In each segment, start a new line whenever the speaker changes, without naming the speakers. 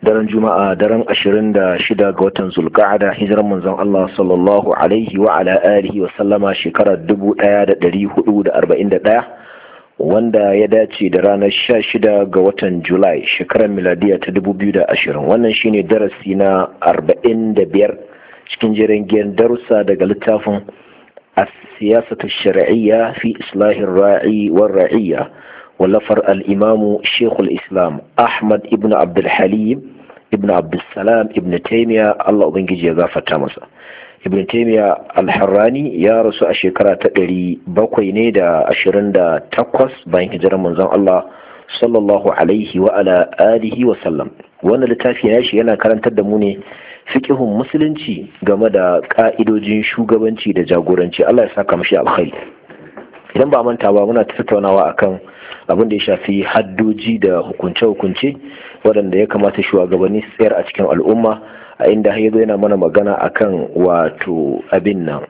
daren juma'a daren 26 ga watan zulqa'ada hijirar manzon Allah sallallahu alaihi wa ala alihi wa sallama shekarar 1441 wanda ya dace da ranar 16 ga watan Julai shekarar miladiya ta 2020 wannan shine darasi na 45 cikin jirgin darussa daga littafin السياسة الشرعية في إصلاح الراعي والرعية wallafar al'imamu shekul islam ahmad ibn abdulhalim ibn abdulsalam ibn taimiya allah za ya gafarta masa ibn taimiya alharrani ya rasu a shekara ta ɗari bakwai ne da ashirin da takwas bayan hijirar manzon allah sallallahu alaihi wa sallam wannan littafi ya shi yana karantar da mu ne fiƙihun musulunci game da ƙa'idojin shugabanci da jagoranci allah ya saka mashi alkhairi idan ba a manta ba muna tattaunawa akan abin da ya shafi haddoji da hukunce-hukunce waɗanda ya kamata shugabanni su tsayar a cikin al'umma a inda ya zo yana mana magana akan wato abin nan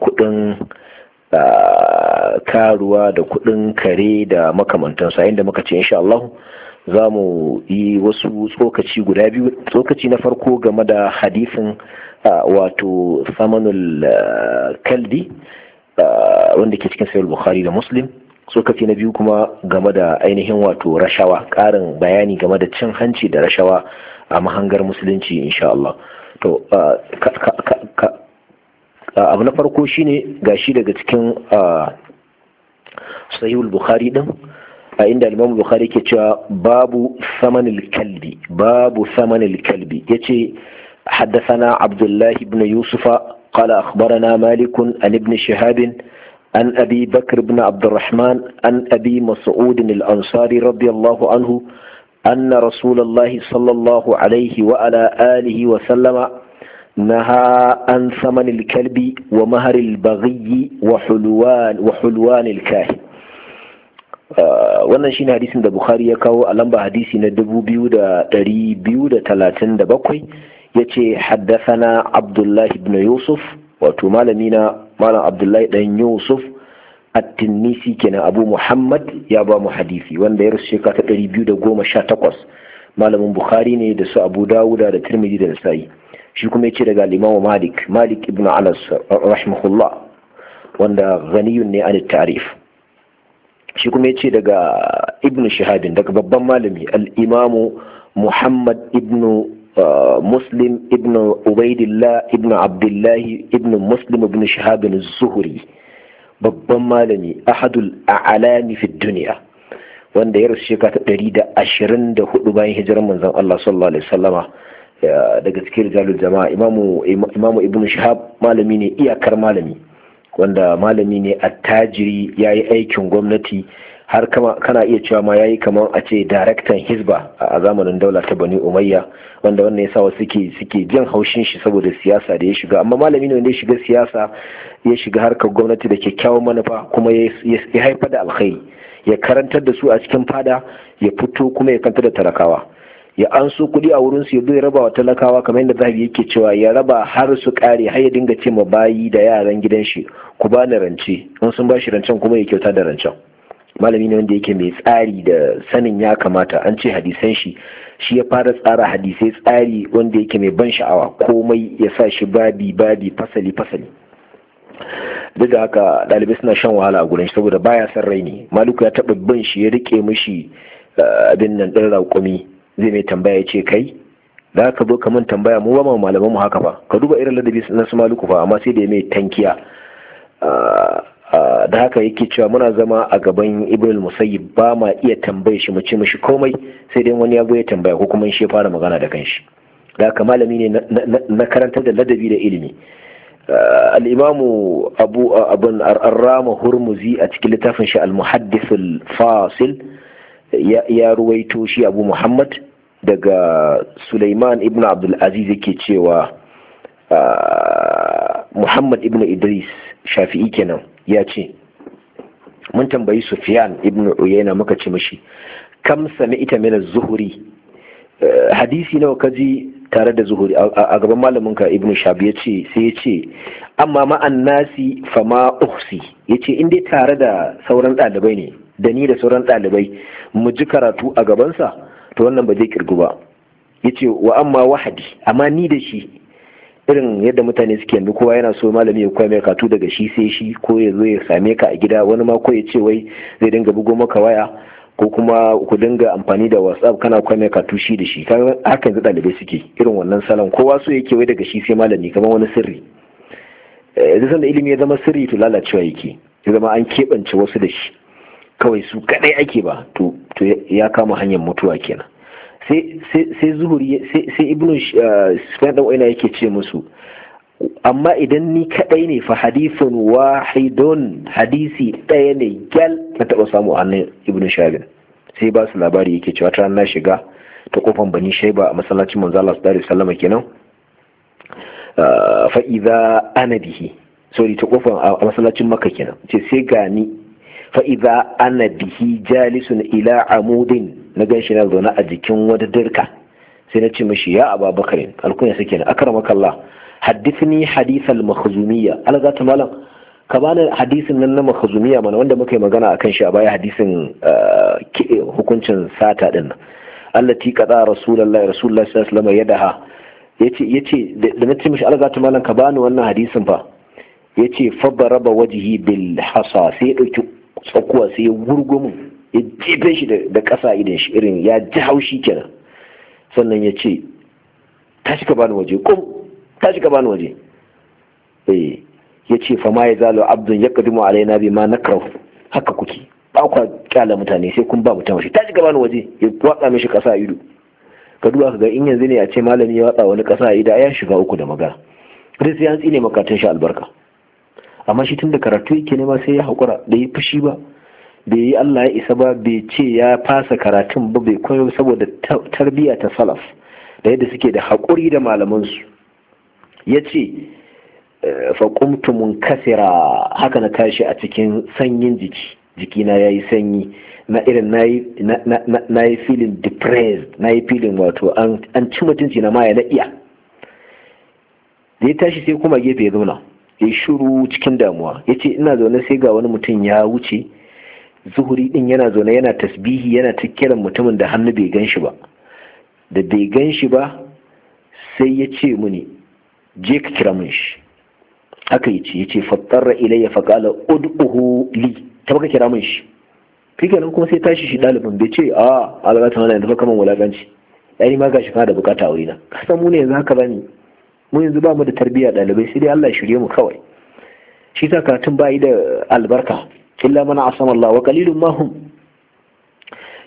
kuɗin karuwa da kuɗin kare da makamantansu a inda muka ce insha Allah za mu yi wasu tsokaci guda biyu tsokaci na farko game da hadisin wato samanul kaldi wanda ke cikin sayar bukhari da muslim so kafi na biyu kuma game da ainihin wato rashawa Karin bayani game da cin hanci da rashawa a mahangar musulunci insha Allah to abu na farko shine gashi daga cikin sahihul bukhari din a inda imam bukhari ke cewa babu samanil kalbi babu samanil kalbi ya ce حدثنا عبد الله بن يوسف قال أخبرنا مالك عن ابن شهاب عن أبي بكر بن عبد الرحمن عن أبي مسعود الأنصاري رضي الله عنه أن رسول الله صلى الله عليه وعلى آله وسلم نهى عن ثمن الكلب ومهر البغي وحلوان وحلوان الكاهن wannan shine hadisin da Bukhari ya kawo a lamba hadisi na 2237 yace haddathana Abdullah ibn Yusuf wato malami na malam abdullahi dan yusuf at-tinnisi kenan abu muhammad ya ba mu hadisi wanda ya rasu shekara ta 218 malamin bukhari ne da su abu dawuda da tirmidhi da nasa'i shi kuma yace daga al malik malik ibn anas rahimahullah wanda ghaniyun ne an tarif shi kuma yace daga ibn shihabin daga babban malami al-imamu muhammad ibn muslim ibn ubaidillah ibn abdullahi ibn muslim ibn shahabin zuhuri babban malami ahadul a'lami fi duniya wanda ya rasu shekara da hudu bayan hijirar manzon Allah sallallahu alaihi wasallama daga cikin rijalul jama'a imamu imamu ibn shahab malami ne iyakar malami wanda malami ne attajiri yayi aikin gwamnati har kana iya cewa ma yayi kamar a ce daraktan hisba a zamanin daula ta bani umayya wanda wannan yasa wasu suke suke jin haushin shi saboda siyasa da ya shiga amma malami ne wanda ya shiga siyasa ya shiga harkar gwamnati da kyakkyawan manufa kuma ya haifar da alkhairi ya karantar da su a cikin fada ya fito kuma ya kanta da talakawa ya an so kuɗi a wurin su ya zo ya raba wa talakawa kamar yadda zahabi yake cewa ya raba har su kare har ya dinga ce ma bayi da yaran gidan shi ku bani rance in sun ba shi rancen kuma ya kyauta da rancen malami ne wanda yake mai tsari da sanin ya kamata an ce hadisan shi shi ya fara tsara hadisai tsari wanda yake mai ban sha'awa komai ya sa shi babi babi fasali fasali duk da haka ɗalibai suna shan wahala a gurin shi saboda baya son rai ne maluku ya taɓa bin shi ya rike mishi eh, abin nan ɗin raƙumi zai mai tambaya ya ce kai da ka zo ka min tambaya mu ba malaman mu haka ba ka duba irin ladabi na su maluku fa amma sai da ya mai tankiya ah, Ah, da haka yake cewa muna zama a gaban ibril musayyib ba ma iya tambaye shi mu ce mishi komai sai dai wani ya zo ya tambaya ko kuma shi ya fara magana da kanshi da haka malami ne na karantar da ladabi da ilimi ah, al'imamu abu abun arrama hurmuzi a cikin littafin shi al-muhaddithul fasil ya ruwaito shi abu muhammad daga suleiman ibn abdulaziz yake cewa ah, muhammad ibn idris shafi'i kenan ya ce mun tambayi Sufyan ibn Uyayna muka ce mashi kam sami ita mina zuhuri eh, hadisi nawa ka ji tare da zuhuri a gaban malamin ka ibn Shab ya ce sai ya ce amma ma'an nasi fama uhsi ya ce in dai tare da sauran ɗalibai ne da ni da sauran ɗalibai mu ji karatu a gabansa to wannan ba zai kirgu ba ya ce wa amma wahadi amma ni da shi irin yadda mutane suke yanzu kowa yana so malami ya koya katu daga shi sai shi ko ya zo ya same ka a gida wani ma ko ya ce wai zai dinga bugo maka waya ko kuma ku dinga amfani da whatsapp kana koya katu shi da shi kaga haka yanzu ɗalibai suke irin wannan salon kowa so yake wai daga shi sai malami kamar wani sirri eh, yanzu sanda ilimi ya zama sirri to lalacewa yake ya zama an keɓance wasu da shi kawai su kaɗai ake ba to ya kama hanyar mutuwa kenan sai zuhuri sai ibnu sufyan ah, dan uwaina yake ce musu amma idan ni kadai ne fa hadithun wahidun hadisi ɗaya ne gal. na taɓa samu a nan ibnu shabin sai ba su labari yake cewa ta na shiga ta kofan bani shaiba a masallacin manzo Allah sallallahu alaihi wasallam kenan ah, fa idza ana bihi sori ta kofan a masallacin makka kenan ce sai gani fa idza ana bihi jalisun ila amudin na gan shi na zaune a jikin wata dirka sai na ce mashi ya abu bakarin alkunya suke na akar makalla al hadithal makhzumiyya algata malam ka bani hadisin nan na makhzumiyya mana wanda muka yi magana a kan shi a baya hadisin ah, hukuncin sata din nan ti qada rasulullahi rasulullahi sallallahu alaihi wasallam yadaha yace yace da na ce mishi algata malam ka bani wannan hadisin fa yace fa raba wajihi bil hasa sai ya dauki tsakuwa sai ya gurgumin ya jefe shi da ƙasa idan shi irin ya ji haushi kenan sannan ya ce tashi ka bani waje kum tashi ka bani waje eh, ya ce fa ma ya zalo abdun ya kadimu alaina bi ma nakrahu haka kuke ba kwa kyala mutane sai kun ba ta shi tashi ka bani waje ya watsa mishi ƙasa ido ka duba ka ga in yanzu ne a ce malami ya watsa wani ƙasa ido ya shiga uku da magana dai sai an tsine makatun shi albarka amma shi tun da karatu yake nema sai ya haƙura da ya fushi ba bai yi Allah ya isa ba bai ce ya fasa karatun ba bai koyo saboda tarbiyya ta salaf da yadda suke da haƙuri da malamansu ya ce eh, faƙumtumun kasira haka na tashi a cikin sanyin jiki jikina ya yi sanyi na irin na yi filin depressed na yi filin wato an ci mutunci na maya na iya da ya tashi sai kuma gefe ya zauna ya shiru cikin damuwa ya ce ina zaune sai ga wani mutum ya wuce zuhuri din yana zaune yana tasbihi yana ta kiran mutumin da hannu bai gan shi ba da bai gan shi ba sai ya ce muni je ka kira min shi haka yi ce ya ce fattarra ilayya faƙala ud'uhu li ta baka kira min shi kenan kuma sai tashi shi ɗalibin bai ce a ta mana yanzu fa kaman wulaganci yani ma gashi kana da bukata a wurina kasan mu ne yanzu haka bane mu yanzu ba mu da tarbiyya ɗalibai sai dai Allah ya shirye mu kawai shi yasa karatun bayi da albarka illa mana asamallah wa qalilun mahum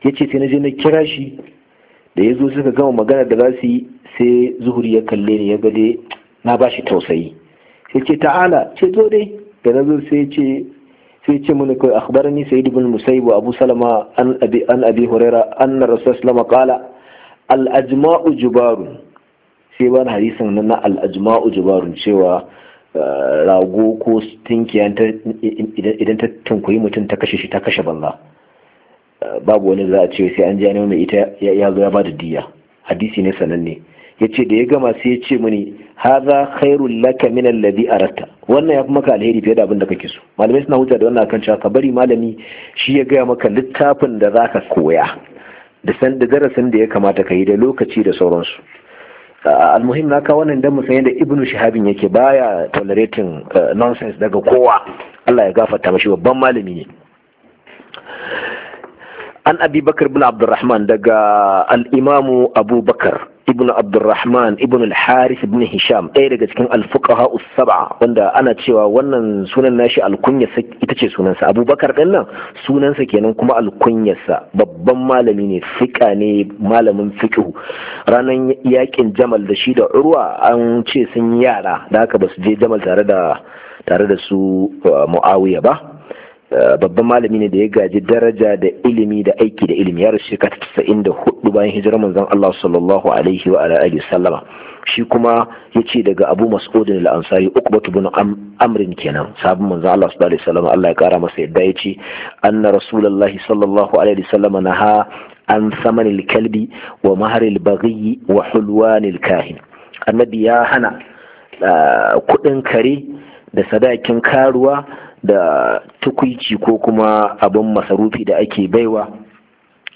ya yace sai na je na kira shi da ya zo suka gama magana da za su yi sai zuhuri ya kalle ni ya gade na ba shi tausayi sai ce ta'ala ce zo dai da na zo sai ce sai ce mun kai akhbarani sayyid ibn musayyib abu salama an abi an abi hurayra anna rasul qala al ajma'u jubarun sai ban hadisin nan na al ajma'u jubarun cewa rago ko tinkiya idan ta tunkuyi mutum ta kashe shi ta kashe banza babu wani za a ce sai an ji mai ita ya zo ya ba da diya hadisi ne sananne ya ce da ya gama sai ya ce mini haza khairul laka min alladhi aratta wannan ya fi maka alheri fiye da abin da kake so malamai suna hujja da wannan akan cewa ka bari malami shi ya gaya maka littafin da zaka koya da san da darasin da ya kamata ka yi da lokaci da sauransu almuhim na kawo wannan dan mu da ibnu shahabin yake baya tolerating eh, nonsense daga kowa Allah ya gafarta mashi babban malami ne an abi bakar bin abdurrahman daga al imamu abubakar ibn abdurrahman ibn al-haris ibn hisham ɗaya daga cikin al-fuqaha sab'a wanda ana cewa wannan sunan nashi al-kunya ita ce sunansa abubakar ɗin nan sunansa kenan kuma alkunyarsa babban malami ne fiƙa ne malamin fiƙihu ranar yakin jamal da shi da urwa an ce sun yara da haka ba su je jamal tare da tare da su uh, muawiya ba Eh, babban malami ne da ya gaji daraja da ilimi da aiki da ilimi ya rasu shekara tasa'in da hudu bayan hijirar manzon Allah sallallahu alaihi wa alihi sallama shi kuma ya ce daga abu mas'udin al'ansari batu bin amrin kenan sabon manzon Allah sallallahu alaihi sallama Allah ya kara masa yadda ya ce na rasulullahi sallallahu alaihi sallama ha an saman kalbi wa maharil baghi wa hulwanil kahin annabi ya hana eh, kuɗin kare da sadakin karuwa da tukuici ko kuma abin masarufi da ake baiwa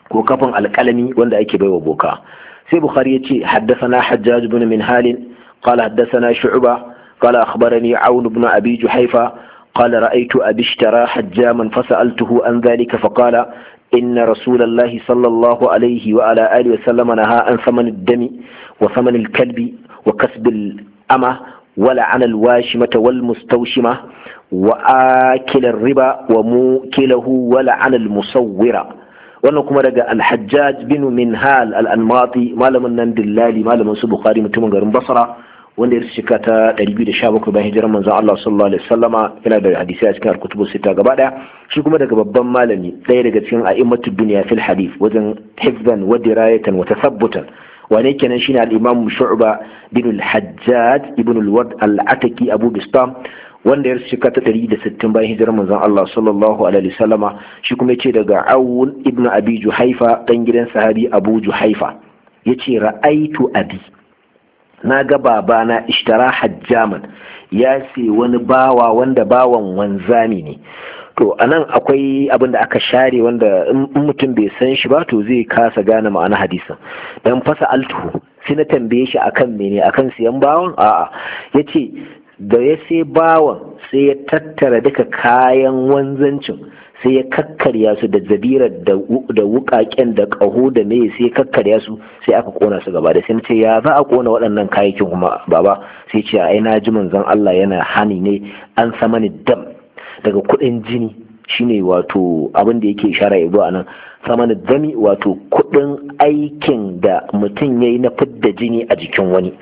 ko kafin alkalami wanda ake baiwa boka sai bukhari ya ce haddasana hajjaj bin min halin qala haddasana shu'ba qala akhbarani aun ibn abi juhaifa قال رأيت hajjaman اشترى حجاما فسألته عن ذلك فقال إن رسول الله صلى الله عليه وعلى آله وسلم نهى عن ثمن الدم وثمن الكلب وكسب الأمة wala anal mata wal mustawshima wa akilar riba wa mukilahu wala anal musawwira wannan kuma daga alhajjaj bin minhal al-anmati malamin nan dillali malamin su bukhari mutumin garin basra wanda ya shika ta 217 bayan hijirar manzon Allah sallallahu alaihi wasallama yana da hadisi a cikin al-kutubu sita gaba daya shi kuma daga babban malami daya daga cikin a'immatud dunya fil hadith wajen hifdan wa dirayatan wa tathabbutan wane kenan shine al-imam shu'ba bin al-hajjaj ibn al ataki abu bistam wanda ya rasu ta 160 bayan hijirar manzon Allah sallallahu alaihi wasallama shi kuma yace daga awun ibn abi juhaifa dan gidan sahabi abu juhaifa yace ra'aitu abi na ga babana ishtara hajjaman ya ce wani bawa wanda bawan wanzami ne to nan akwai abin da aka share wanda in mutum bai san shi ba to zai kasa gane ma'ana hadisin dan fasa altuhu sai na tambaye shi akan mene akan siyan bawon a'a yace da ya sai bawan sai ya tattara duka kayan wanzancin sai ya kakkarya su da zabira da wukaken da ƙaho da me sai ya kakkarya su sai aka kona su gaba da sai ce ya za a kona waɗannan kayayyakin kuma baba sai ce ai na ji manzon Allah yana hani ne an sama ni dam daga kudin jini shine wato abin yake ishara ya zuwa nan da dami wato kudin aikin da mutum ya yi na fidda jini a jikin wani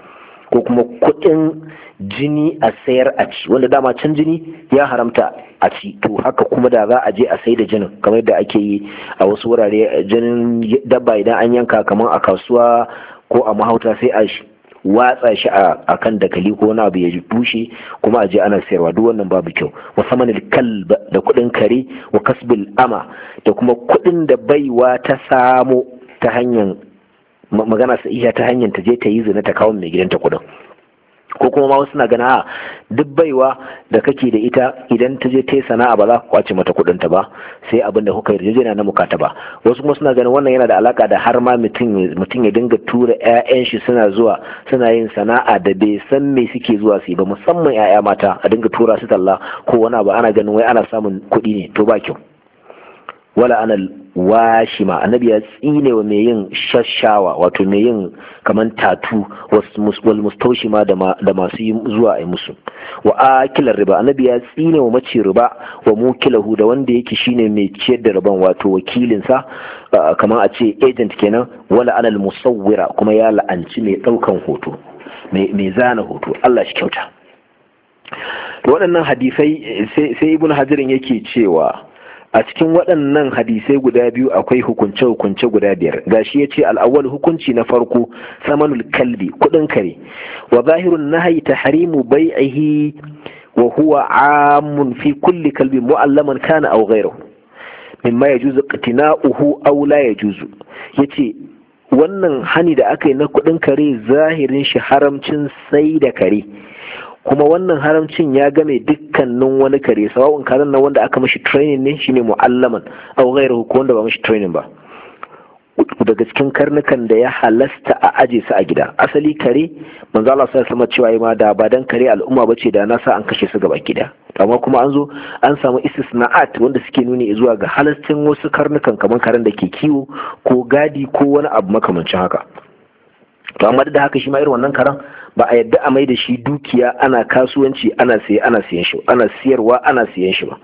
ko kuma kudin jini a sayar a ci wanda dama can jini ya haramta a ci to haka kuma da za a je a sai da jinin kamar yadda ake yi a wasu wurare jinin dabba idan an yanka kamar a kasuwa ko a mahauta sai a watsa shi a kan dakali ko na abu ya bushe kuma a je ana sayarwa duk wannan babu kyau wa samanil kalb da kudin kare wa kasbil ama da kuma kudin da baiwa ta samo ta hanyar magana sa'iya ta hanyar ta je ta yi zina ta kawo mai gidanta kuɗin ko kuma wasu na gana a duk baiwa da kake da ita idan ta je ta sana'a ba za ka kwace mata kuɗinta ba sai abin da kuka yana na mukata ba wasu kuma suna ganin wannan yana da alaka da har ma mutum ya dinga tura 'ya'yan shi suna zuwa suna yin sana'a da bai san me suke zuwa su ba musamman 'ya'ya mata a dinga tura su talla ko wani abu ana ganin wai ana samun kuɗi ne to ba kyau wala anal washima annabi ya tsine wa mai yin shashawa wato mai yin kaman tatu wal ma da masu yi zuwa a musu wa akilar riba annabi ya tsine wa mace riba wa mukilahu da wanda yake shine mai ciyar da riban wato wakilinsa kaman a ce agent kenan wala anal musawwira kuma ya la'anci mai daukan hoto mai zana hoto Allah shi kyauta waɗannan hadisai sai ibn hajirin yake cewa a cikin waɗannan hadisai guda biyu akwai hukunce-hukunce guda biyar gashi ya ce al'awwal hukunci na farko samanul kalbi kuɗin kare wa zahirun nahayi tahrimu bai'ihi wa huwa amun fi kulli kalbi mu'allaman kana aw ghayruhu mimma yajuzu qtina'uhu aw la yajuzu yace wannan hani da aka yi na kuɗin kare zahirin shi haramcin sai da kare kuma wannan haramcin ya game dukkanin wani kare sawa'un karen nan wanda aka mashi training ne shine mu'allaman aw ghairuhu ko wanda ba mashi training ba daga cikin karnukan da ya halasta a aje su a gida asali kare manzo Allah sai sama cewa ma da ba dan kare al'umma bace da nasa an kashe su gaba gida amma kuma an zo an samu istisna'at wanda suke nuni zuwa ga halastin wasu karnukan kamar karen da ke kiwo ko gadi ko wani abu makamancin haka to amma da haka shi ma irin wannan karen ba a yadda a mai da shi dukiya ana kasuwanci ana siye ana siyan shi ana siyarwa ana siyan shi ba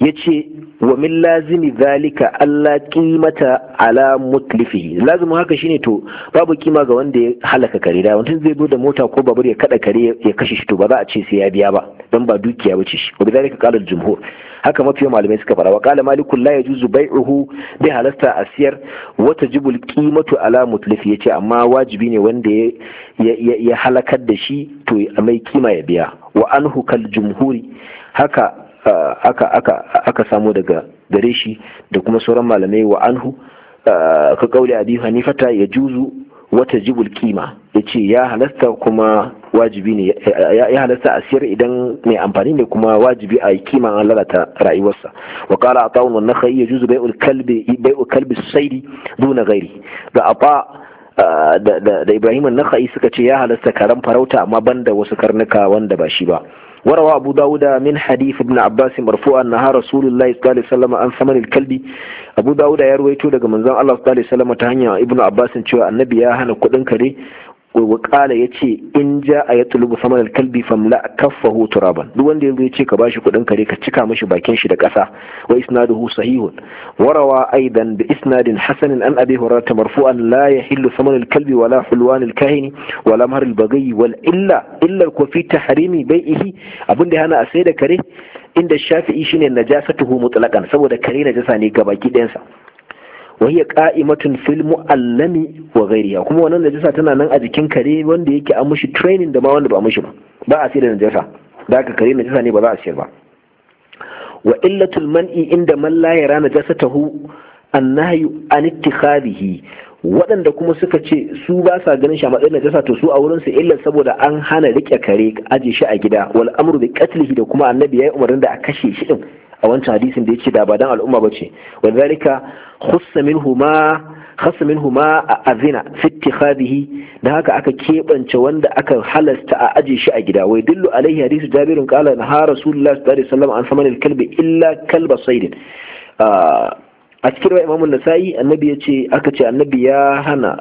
ya ce wa min lazimi zalika Allah kimata ala mutlifi lazimin haka shine to babu kima ga wanda ya halaka kare da mutum zai zo da mota ko babur ya kada kare ya kashe shi to ba za a ce sai ya biya ba dan ba dukiya bace shi wa bidalika qala al-jumhur haka mafi malamai suka fara wa qala malikul la yajuzu bai'uhu bi halasta asiyar wa tajibu al-qimatu ala mutlifi yace amma wajibi ne wanda ya halakar da shi to mai kima ya biya wa anhu kal jumhuri haka aka aka aka samu daga gare shi da kuma sauran malamai wa anhu ka kauli abi hanifata ya juzu wata jibul kima ya ce ya halasta kuma wajibi ne ya halasta a siyar idan mai amfani ne kuma wajibi a kima an lalata rayuwarsa wa qala ata'un wan nakhai yajuzu bai'ul kalbi bai'ul kalbi saidi duna ghairi ga apa da Ibrahim an-Nakhai suka ce ya halasta karan farauta amma banda wasu karnuka wanda ba shi ba وروى Abu داود من حديث ابن عباس مرفوعا نهى رسول الله صلى الله عليه وسلم عن ثمن الكلب أبو داود يروي تو daga manzon Allah sallallahu alaihi wasallam ta hanya Ibn Abbas cewa annabi ya hana kudin kare wa kala ya ce in ja a ya tulubu saman alkalbi famla kaffa hoto turaban duk wanda ya ce ka bashi kuɗin kare ka cika mashi bakin shi da ƙasa wa hu sahihun warawa aidan da isnadin hasanin an abi hurarta marfu'an la yahillu saman alkalbi wala hulwan alkahini wala mahar albagai wal illa illa ko fi tahrimi abin da hana a sai da kare inda shafi'i shine najasatuhu mutlaqan saboda kare najasa ne ga baki ɗayansa Wai ya qa'imatun fil mu'allami wa kuma wannan najasa tana nan a jikin kare wanda yake an mushi training da ma wanda ba mushi ba ba a sayar da najasa da aka kare najasa ne ba za a sayar ba wa illatul man'i inda man la yara najasatahu annahyu an ittikhadihi waɗanda kuma suka ce su ba sa ganin shi a matsayin najasa to su a wurin su illa saboda an hana rike kare aje shi a gida wal amru bi qatlihi da kuma annabi yayi umarnin da a kashe shi din a wancan hadisin da yake da ba dan al'umma bace wa zalika khussa minhu ma khassa minhu ma azina fi ittikhadihi da haka aka kebance wanda aka halasta a aje shi a gida wai dillu alaihi hadisu jabirun qala na rasulullahi sallallahu alaihi wasallam an saman kalbi illa kalba saidin a cikin wa imamun nasa'i annabi ya ce aka ce annabi ya hana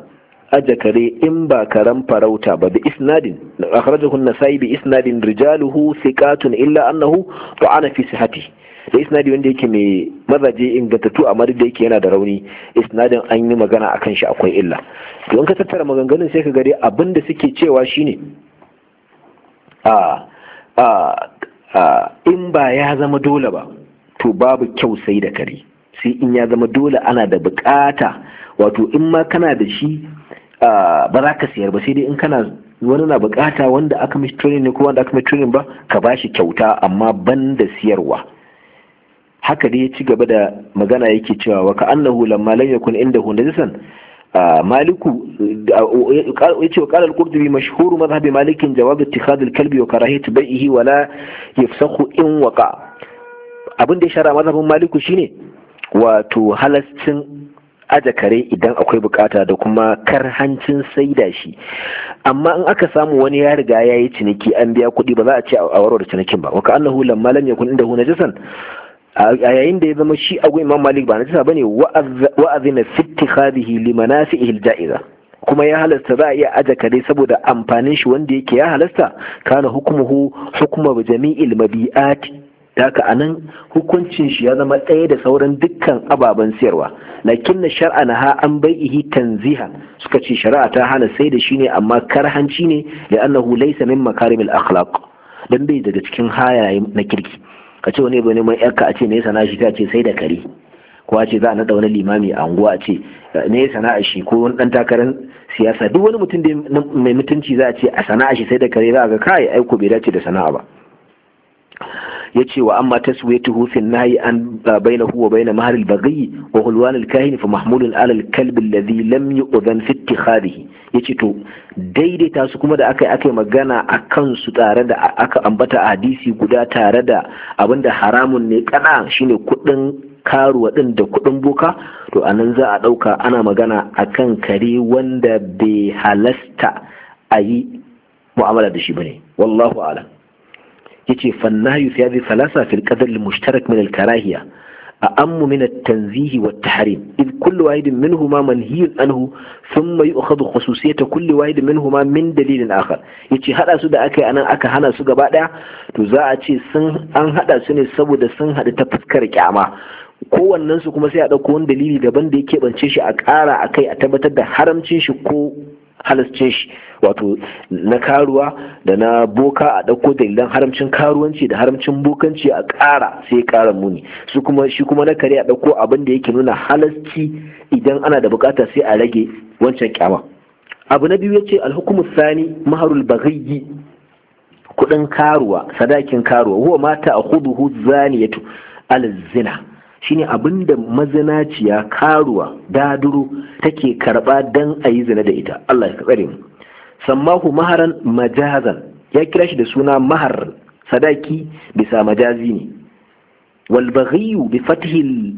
aje kare in ba karen farauta ba bi isnadin akhrajahu an-nasa'i bi isnadin rijaluhu thiqatun illa annahu ta'ana fi sihhati da isnadi wanda yake mai mazaje ingantattu amma duk da yake yana da rauni isnadin an yi magana a kan shi akwai illa don ka tattara maganganun sai ka gare abin da suke cewa shine a a a in ba ya zama dole ba to babu kyau sai da kare sai in ya zama dole ana da bukata wato in ma kana da shi ba za ka siyar ba sai dai in kana wani na bukata wanda aka mishi training ne ko wanda aka mishi training ba ka ba shi kyauta amma ban da siyarwa haka dai ya ci gaba da magana yake cewa wa ka annahu lamma lam yakun indahu najasan maliku ya ce wa qala al-qurtubi mashhur madhhab malik jawab ittikhad al-kalbi wa karahiyat bai'ihi wa la yafsakhu in waqa abin da ya shara mazhabin maliku shine wato halascin aja kare idan akwai bukata da kuma karhancin saida shi amma in aka samu wani ya riga ya yi ciniki an biya kuɗi ba za a ce a warware cinikin ba Wa ka annahu lamma lam yakun indahu najasan a yayin da ya zama shi a imam malik ba ne bane na fiti ittikhadihi li fi al-ja'iza kuma ya halasta za a iya aje kare saboda amfanin shi wanda yake ya halasta kana hukumuhu hukuma jami'il mabi'ati daga anan hukuncin shi ya zama ɗaya da sauran dukkan ababen siyarwa lakin na shar'a na ha an bai'ihi tanziha suka ce shari'a ta hana sai da shi ne amma karhanci ne da annahu laisa min makarimil akhlaq dan bai daga cikin hayayen na kirki ka ce wani bai neman yarka a ce ne sana'a shi ta ce sai da kare ko a ce za a naɗa wani limami a anguwa a ce ne sana'a shi ko wani dan takarar siyasa duk wani mutum da mai mutunci za a ce a sana'a shi sai da kare za a ga kai aiko bai dace da sana'a ba yace wa amma taswiyatuhu fi nahyi an bainahu huwa baina mahar al-baghi wa hulwan al-kahin fa mahmulun alal al-kalb alladhi lam yu'dhan fi ittikhadihi yace to daidaita su kuma da aka aka magana akan su tare da aka ambata a hadisi guda tare da abinda haramun ne kana shine kudin karuwa din da kudin boka to anan za a dauka ana magana akan kare wanda bai halasta a yi mu'amala da shi bane wallahu alam yace fannahu fi hadhihi thalatha fil qadar al mushtarak min al karahiya أأم من التنزيه والتحريم إذ كل واحد منهما منهي عنه ثم يؤخذ خصوصية كل واحد منهما من dalilin آخر yace hada su da aka yi anan aka hana su gaba daya to za a ce sun an hada su ne saboda sun hadu ta fuskar kyama kowannen kuma sai a ɗauko wani dalili daban da yake bance shi a ƙara akai a tabbatar da haramcin shi ko halasce shi wato na karuwa da na boka a ɗauko dalilan haramcin karuwanci da haramcin bokanci a ƙara sai ya ƙara muni su kuma shi kuma na kare a ɗauko abin da yake nuna halasci idan ana da bukata sai a rage wancan kyama abu na biyu ya ce alhukumu sani maharul bagayyi kuɗin karuwa sadakin karuwa huwa mata a hudu zaniyatu al zina shine abin da mazinaciya karuwa daduru take karba dan a yi zina da ita Allah ya tsare mu sammahu maharan majazan ya kira shi da suna mahar sadaki bisa majazi ne wal baghiyu bi fathil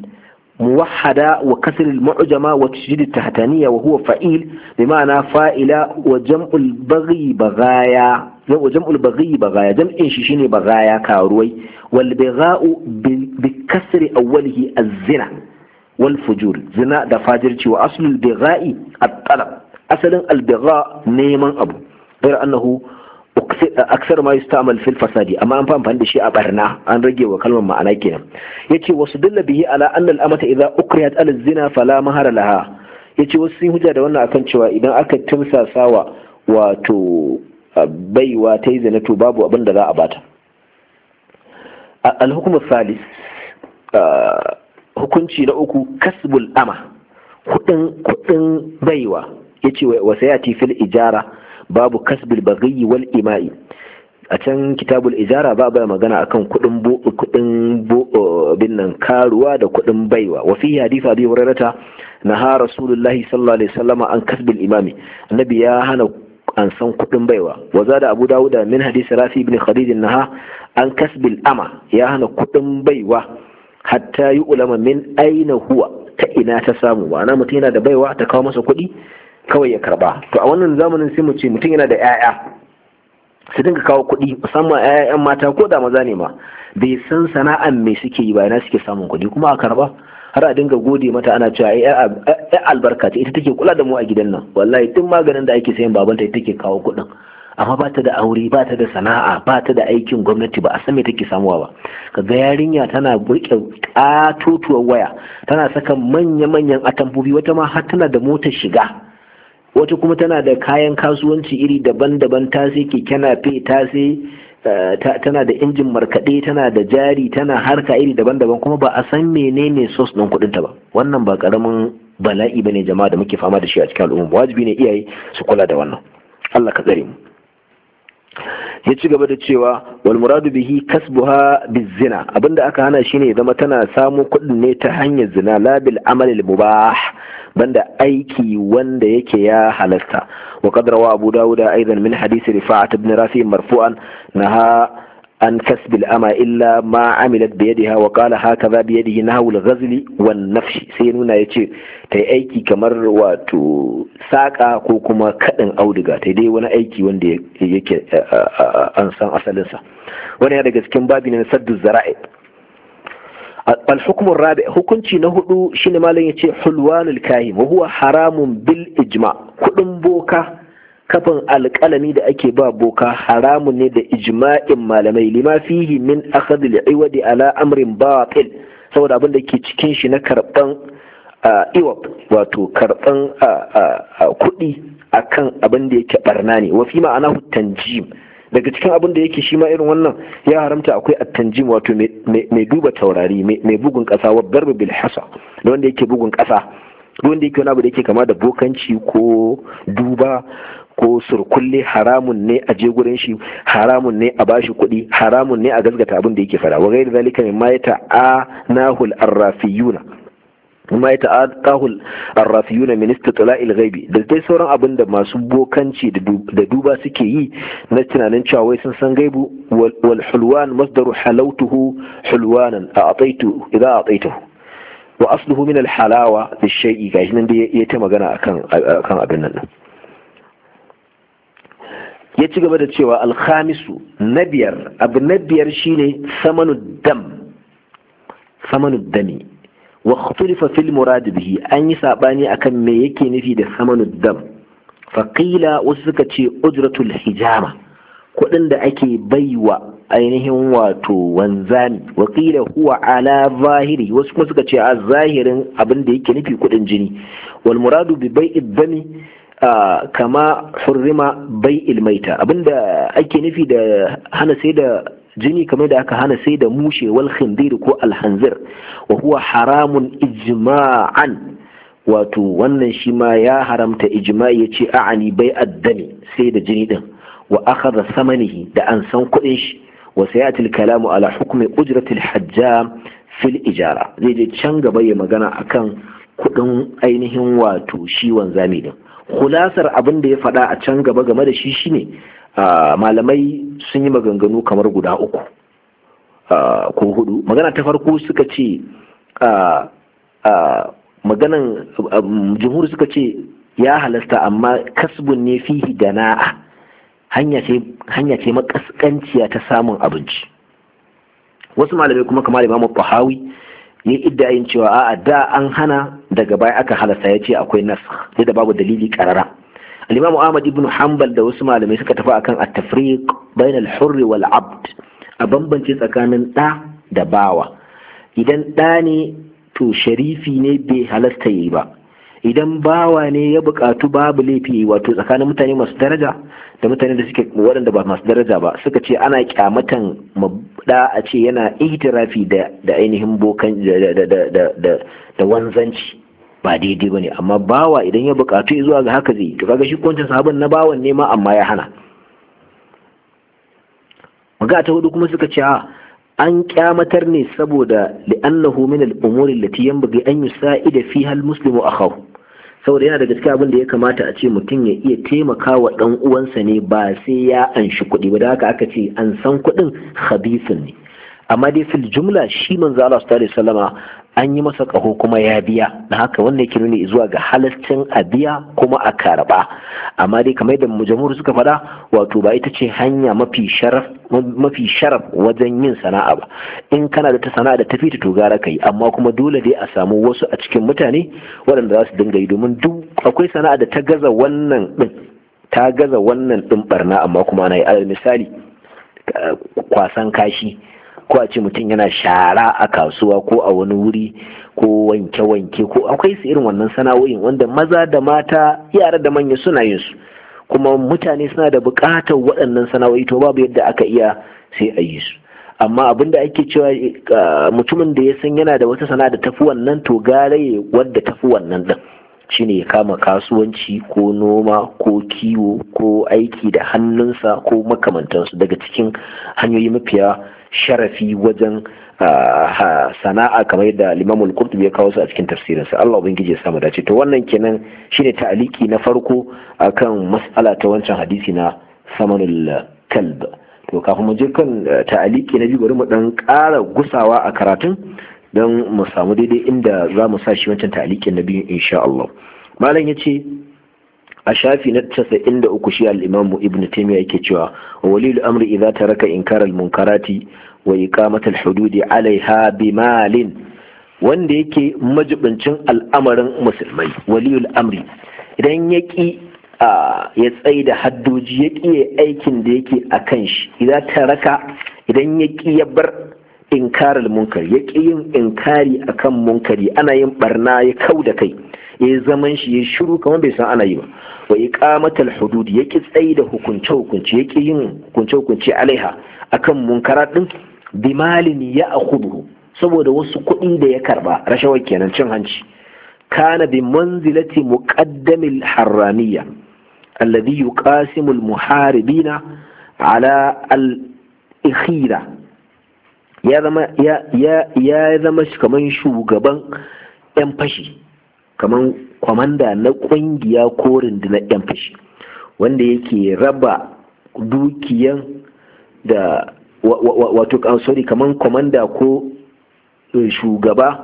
muwahhada wa kasr al mu'jama wa tashdid al tahtaniya wa huwa fa'il bi ma'ana fa'ila wa jam'u al baghi baghaya yau wa jam'ul baghi bagaya jam'in shi shine bagaya karuwai wal bigha'u bi kasri awwalihi az-zina wal fujur zina da fajirci wa aslul bigha'i at-talab asalin al-bigha neman abu غير annahu aksar ma yusta'mal fil fasadi amma an fa amfani da shi a barna an rage wa kalmar ma'ana kenan yace wasu dalla bihi ala anna al amata idza ukrihat al zina fala mahara laha yace wasu sun hujja da wannan akan cewa idan aka tumsasawa wato baiwa ta yi zanato babu abin da za a bata alhukumar salis hukunci na uku kasbul ama kudin kudin baiwa ce wa sayati fil ijara babu kasbul bagayi wal ima'i a can kitabul ijara ba bai magana akan kudin kudin binnan karuwa da kudin baiwa wa fi biyu abi hurairata naha rasulullahi sallallahu alaihi wasallama an kasbul imami annabi ya hana an san kuɗin baiwa waza da abu dawuda min hadisi rafi ibn khalid naha an kasbil ama ya hana kuɗin baiwa hatta yi ulama min aina huwa ta ina ta samu ma'ana mutum yana da baiwa ta kawo masa kuɗi kawai ya karba to a wannan zamanin sai mu ce mutum yana da 'ya'ya su dinga kawo kuɗi musamman 'ya'yan mata ko da maza ne ma bai san sana'an me suke yi ba ina suke samun kuɗi kuma a karba har a dinga gode mata ana cewa ai albarka ce ita take kula da mu a gidan nan wallahi duk maganin da ake sayan babanta ita take kawo kuɗin amma ba ta da aure ba ta da sana'a ba ta da aikin gwamnati ba a san take samuwa ba kaga yarinya tana burke katotuwar waya tana saka manya-manyan atambobi wata ma har tana da motar shiga wata kuma tana da kayan kasuwanci iri daban-daban ta sai keke fe ta sai Eh, tana da injin markaɗe tana da jari tana harka iri daban-daban kuma ba a san menene sos ɗin kuɗinta ba wannan ba ƙaramin bala'i bane jama'a da muke fama da shi a cikin al'umma wajibi ne iyaye su kula da wannan Allah ka tsare mu ya ci gaba da cewa wal muradu bihi kasbuha bizina abinda aka hana shine zama tana samu kuɗin ne ta hanyar zina labil bil mubah banda aiki wanda yake ya halasta wa qad rawa abu dawuda aidan min hadisi rifa'at ibn rafi marfu'an naha an kasbil ama illa ma amilat bi yadiha wa qala hakaza bi yadihi nahu al wan nafshi sai nuna yace tai aiki kamar wato saka ko kuma kadin auduga tai dai wani aiki wanda yake eh, eh, eh, an san asalin sa wani daga cikin babi ne saddu zara'i al hukmun rabi hukunci na hudu shine malamin yace hulwanul kahin wa huwa haramun bil ijma Kuɗin boka kafin alƙalami da ake ba boka haramu ne da ijma'in malamai lima fihi min akhdhil iwadi ala amrin batil saboda abin da ke cikin shi na karban iwab wato karban kuɗi akan abin da yake ɓarna ne wa fi tanjim daga cikin abin da yake shi ma irin wannan ya haramta akwai attanjim wato mai duba taurari mai bugun kasa wa garba bil da wanda yake bugun kasa wanda yake wani abu da yake kama da bokanci ko duba ko surkulle haramun ne a je shi haramun ne a bashi kuɗi haramun ne a gasgata abin da yake fara wa gairi zalika mai ma a anahul arrafiyuna kuma ya ta'atahul na minista istitla'il ghaibi da dai sauran abin da masu bokanci da duba suke yi na tunanin cewa wai sun san gaibu wal hulwan masdaru halautuhu hulwanan a ataitu a wa asluhu min al halawa da shay'i ga nan da ya ta magana akan abin nan ya ci gaba da cewa alhamisu na biyar abu na biyar shine samanu dam samanu dami wa khutulifa fil murad bihi an yi saɓani akan me yake nufi da samanud dam faqila wasu suka ce ujratul hijama kuɗin da ake baiwa ainihin wato wanzami Waƙila huwa ala zahiri wasu kuma suka ce a zahirin abin da yake nufi kuɗin jini Walmuradu bi bai dami kama hurrima bai ilmaita abin da ake nufi da hana sai da jini kamar da aka hana sai da mushe wal khindir ko alhanzir wa huwa haramun ijma'an wato wannan shi ma ya haramta ijma'i yace a'ani bai addami sai da jini din wa akhadha samanihi da an san kuɗin shi wa sayati al-kalamu ala hukmi ujrati al-hajjam fil ijara zai je can gaba ya magana akan kudin ainihin wato shi wanzami din kulasar abin da ya faɗa a can gaba game da shi shine malamai sun yi maganganu kamar guda uku ko hudu magana ta farko suka ce maganan um, jumhur suka ce ya halasta amma kasbun ne fihi na'a. hanya ce makaskanciya ta samun abinci wasu malamai kuma kamar imamu buhawi ne idda yin cewa a da an hana daga baya aka halasta ya ce akwai nasakh duk da babu dalili karara al-imamu ahmad ibn hanbal da wasu malamai suka tafi akan at-tafriq bain al-hurr wal abd a bambance tsakanin da da bawa idan da ne to sharifi ne bai halasta yi ba idan bawa ne ya buƙatu babu laifi wato tsakanin mutane masu daraja da mutane da suke waɗanda ba masu daraja ba suka ce ana kyamatan da a ce yana itirafi da ainihin bokan da wanzanci ba daidai ba ne, amma bawa idan ya bukatu zuwa ga haka zai to kaga shi kwancin sabon na bawan ne ma amma ya hana maga ta hudu kuma suka ce an kyamatar ne saboda li'annahu min al-umuri allati yanbaghi an yusa'ida fiha al-muslimu akhahu saboda yana da gaske abin da ya kamata a ce mutum ya iya taimaka wa ɗan uwansa ne ba sai ya anshi kuɗi ba da haka aka ce an san kuɗin khabisin ne amma dai fil jumla shi manzo Allah sallallahu alaihi wasallama an yi masa ƙaho kuma ya biya na haka wannan yake nuni zuwa ga halaccin a biya kuma a karɓa amma dai kamar da jamhur suka faɗa wato ba ita ce hanya mafi sharaf wajen yin sana'a ba in kana da ta sana'a da tafi ta to gara kai amma kuma dole dai a samu wasu a cikin mutane waɗanda za su dinga yi domin duk akwai sana'a da ta gaza wannan ɗin ta barna amma kuma na yi misali kwasan kashi ko a ce mutum yana shara a kasuwa ko a wani wuri ko wanke-wanke ko akwai su irin wannan sana'o'in wanda maza da mata yara da manya suna yin su kuma mutane suna da bukatar waɗannan sana'o'i to babu yadda aka iya sai a yi su amma abin da ake cewa mutumin da ya san yana da wata sana'a da tafi wannan to gare wadda tafi wannan din shine ya kama kasuwanci ko noma ko kiwo ko aiki da hannunsa ko makamantansu daga cikin hanyoyi mafiya sharafi wajen ah, sana'a kamar yadda limamul qurtubi ya kawo su a cikin tafsirinsa Allah ubangiji ya samu dace to wannan kenan shine ta'aliki na farko akan mas'ala ta wancan hadisi na samanul kalb to kafin mu je kan eh, ta'aliki na biyu bari mu dan ƙara gusawa a karatun don mu samu daidai inda za mu sa shi wancan ta'alikin na biyu insha Allah malam yace a shafi na uku shi al-Imam Ibn Taymiyyah yake cewa Walilu amri raka raka inkarar munkarati wa yi al-hududi alaiha malin wanda yake majibincin al'amarin musulmai waliyul amri idan ya ki ya tsaye da haddoji ya ƙi aikin da yake a kan shi idan raka idan ya ƙi ya bar inkarar munkari ya ƙi yin inkari akan munkari ana yin barna ya kau da kai ya zaman shi ya shiru kamar bai san ana yi ba wa iqamatul hudud yake tsayi da hukunce hukunce yake yin hukunce hukunce alaiha akan munkara din bimalin ya akhudu saboda wasu kuɗi da ya karba rashawar kenan cin hanci kana bi manzilati muqaddamil harramiyya alladhi yuqasimu al muharibina ala al ikhira ya zama ya ya zama kaman shugaban yan fashi kamar kwamanda na ƙungiya ko rundunar yan fashi wanda yake raba dukiyan da wato ah, sorry kamar kwamanda ko eh, shugaba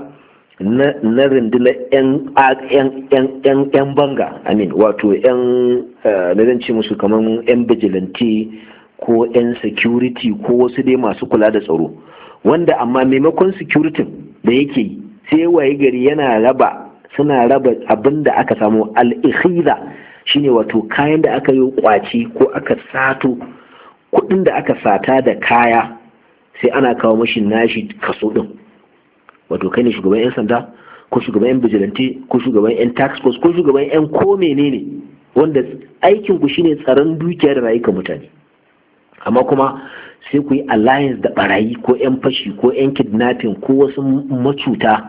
na rundunar yan banga amin wato yan na eh, zan ce musu kamar yan vigilante ko yan security ko wasu dai masu kula da tsaro wanda amma maimakon security da yake sai waye gari yana raba suna raba abin da aka samu al shine wato kayan da aka yi kwaci ko aka sato kudin da aka sata da kaya sai ana kawo mashi nashi kaso din wato kai ne shugaban yan sanda ko shugaban yan bijilante ko shugaban yan tax force ko shugaban yan ko menene wanda aikin ku shine tsaron dukiya da rayukan mutane amma kuma sai ku yi alliance da barayi ko yan fashi ko yan kidnapping ko wasu macuta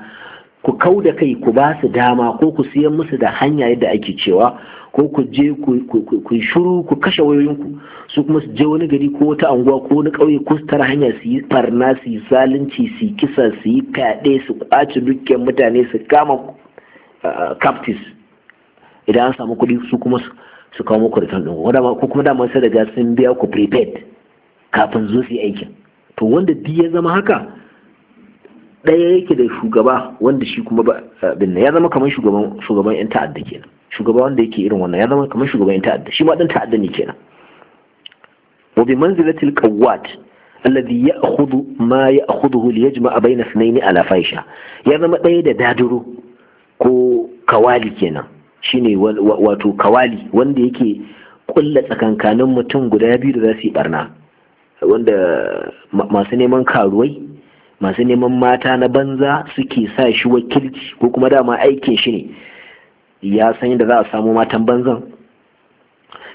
ku kau da kai ku ba su dama ko ku siyan musu da hanya yadda ake cewa ko ku je ku shuru ku kashe wayoyinku su kuma su je wani gari ko wata anguwa ko wani ƙauye ko su tara hanya su yi farna, su yi zalunci su yi kisa su yi fyaɗe su ƙwace dukkan mutane su kama eh, captives idan an samu kuɗi su kuma su kawo muku return ɗin ko kuma dama sai daga sun biya ku prepaid kafin zo su yi aikin to wanda duk ya zama haka ɗaya yake da shugaba wanda shi kuma ba binne ya zama kamar shugaban shugaban yan ta'adda kenan shugaba wanda yake irin wannan ya zama kamar shugaban yan ta'adda shi ma dan ta'adda ne kenan wa bi manzilatil qawwat alladhi ya'khudhu ma ya'khudhu li yajma'a bayna ithnayn ala faisha ya zama ɗaya da daduro ko kawali kenan shine wato kawali wanda yake kulla tsakankanin mutum guda biyu da za su yi barna wanda masu neman karuwai masu neman mata na banza suke sa shi wakilci ko kuma dama aikin shi ne ya san yadda za a samu matan banzan